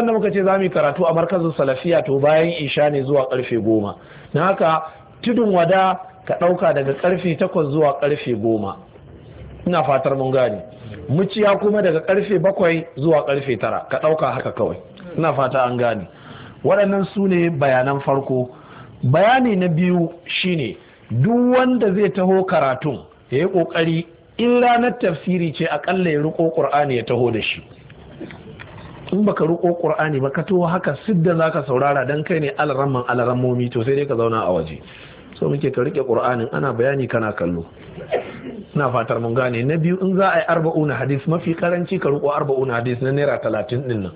wanda muka ce za mu yi karatu a markazin salafiya to bayan isha ne zuwa karfe goma na haka tudun wada ka ɗauka daga karfe takwas zuwa karfe goma ina fatar mun gane muciya kuma daga karfe bakwai zuwa karfe tara ka ɗauka haka kawai ina fata an gane waɗannan su ne bayanan farko bayani na biyu shine duk wanda zai taho karatun ya yi ƙoƙari in ranar tafsiri ce akalla ya riƙo ƙur'ani ya taho da shi in baka riko qur'ani ba ka to haka sidda zaka saurara dan kai ne alaramman alarammomi to sai dai ka zauna a waje so muke ka rike qur'anin ana bayani kana kallo ina fatar mun gane na biyu in za a yi arba'una hadis mafi karanci ka riko arba'una hadis na naira talatin din nan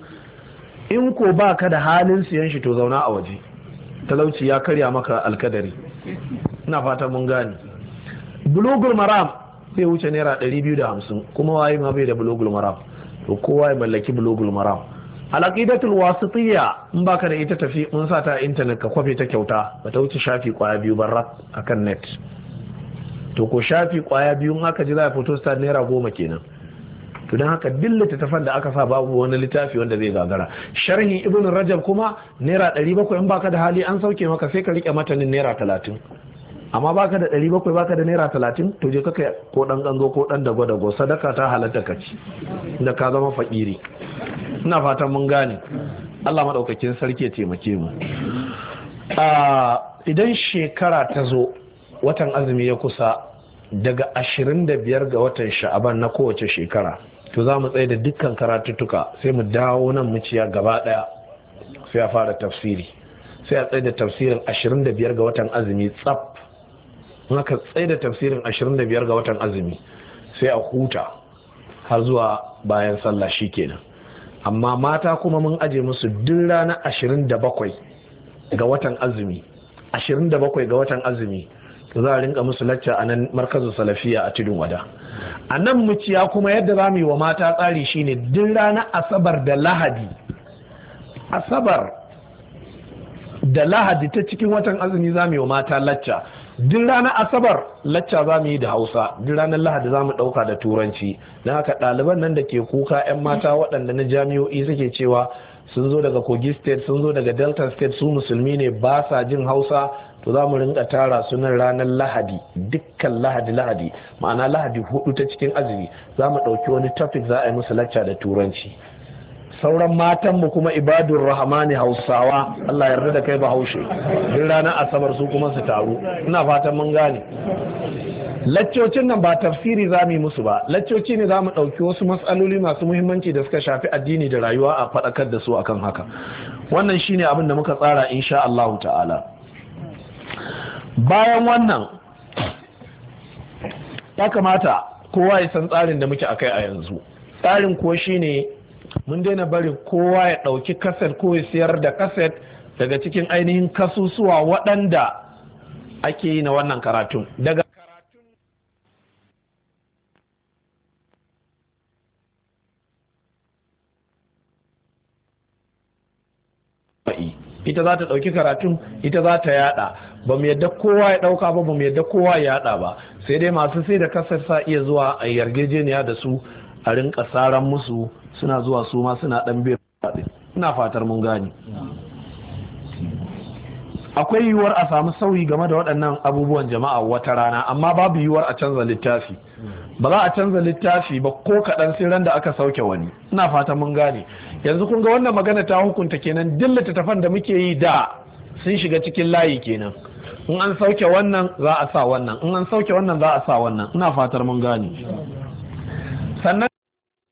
in ko ba ka da halin siyan shi to zauna a waje talauci ya karya maka alkadari ina fatar mun gane bulugul maram sai wuce naira 250 kuma waye ma bai da bulugul maram to kowa ya mallaki bulogul maram alaqidatul wasitiyya in baka da ita tafi mun sa ta internet ka kwafe ta kyauta ba ta wuce shafi kwaya biyu barra akan net to ko shafi kwaya biyu in aka ji za a fito star naira goma kenan to don haka duk littattafan da aka sa babu wani littafi wanda zai gagara sharhin ibn rajab kuma naira ɗari bakwai in baka da hali an sauke maka sai ka rike matanin naira talatin amma baka da ɗari bakwai baka da naira talatin to je ko ɗan kanzo ko ɗan dago dago sadaka ta halatta ka ci da ka zama fakiri ina fatan mun gane Allah maɗaukakin sarki ya taimake mu idan shekara ta zo watan azumi ya kusa daga ashirin 25 ga watan sha'aban na kowace shekara to za mu tsaye da dukkan karatuttuka sai mu dawo nan ciya gaba ɗaya sai a fara tafsiri sai a tsaye da tafsirin biyar ga watan azumi tsaf maka tsaye da tafsirin 25 ga watan azumi sai a huta har zuwa bayan sallah shi kenan amma mata kuma mun aje musu duk ranar 27 ga watan azumi 27 ga watan azumi za a rinka musu lacca a nan markazin salafiya a tudun wada a nan muciya kuma yadda za mu yi wa mata tsari shine duk rana asabar da lahadi asabar da lahadi ta cikin watan azumi za mu yi wa mata lacca duk ranar asabar lacca za mu yi da hausa duk ranar lahadi za mu ɗauka da turanci na haka ɗaliban nan da ke kuka 'yan mata waɗanda na jami'o'i suke cewa sun zo daga kogi state sun zo daga delta state su musulmi ne ba sa jin hausa to za mu rinka tara sunan ranar lahadi dukkan lahadi lahadi ma'ana lahadi hudu ta cikin azumi za mu ɗauki wani topic za a yi musu lacca da turanci sauran matanmu kuma ibadun ne hausawa Allah yarda da kai bahaushe duk ranar asabar su kuma su taru ina fatan mun gane laccocin nan ba tafsiri za mu musu ba laccoci ne za mu ɗauki wasu matsaloli masu muhimmanci da suka shafi addini da rayuwa a faɗakar da su akan haka wannan shine abin da muka tsara insha Allah ta'ala bayan wannan ya kamata kowa ya san tsarin da muke akai a yanzu tsarin ko shine mun daina bari kowa ya ɗauki kaset ko ya siyar da kaset daga cikin ainihin kasusuwa waɗanda ake yi na wannan karatun daga ita za ta ɗauki karatun ita za ta yada ba mu yadda kowa ya ɗauka ba ba mu yadda kowa ya yada ba sai dai masu sai da kasar sa iya zuwa a yarjejeniya da su a rinka tsaran musu suna zuwa su ma suna dan biyar ina fatar mun gani akwai yiwuwar a samu sauyi game da waɗannan abubuwan jama'a wata rana amma babu yiwuwar a canza littafi ba za a canza littafi ba ko kaɗan sai ran da aka sauke wani ina fatan mun gane yanzu kun ga wannan magana ta hukunta kenan duk littattafan da muke yi da sun shiga cikin layi kenan in an sauke wannan za a sa wannan in an sauke wannan za a sa wannan ina fatar mun gane sannan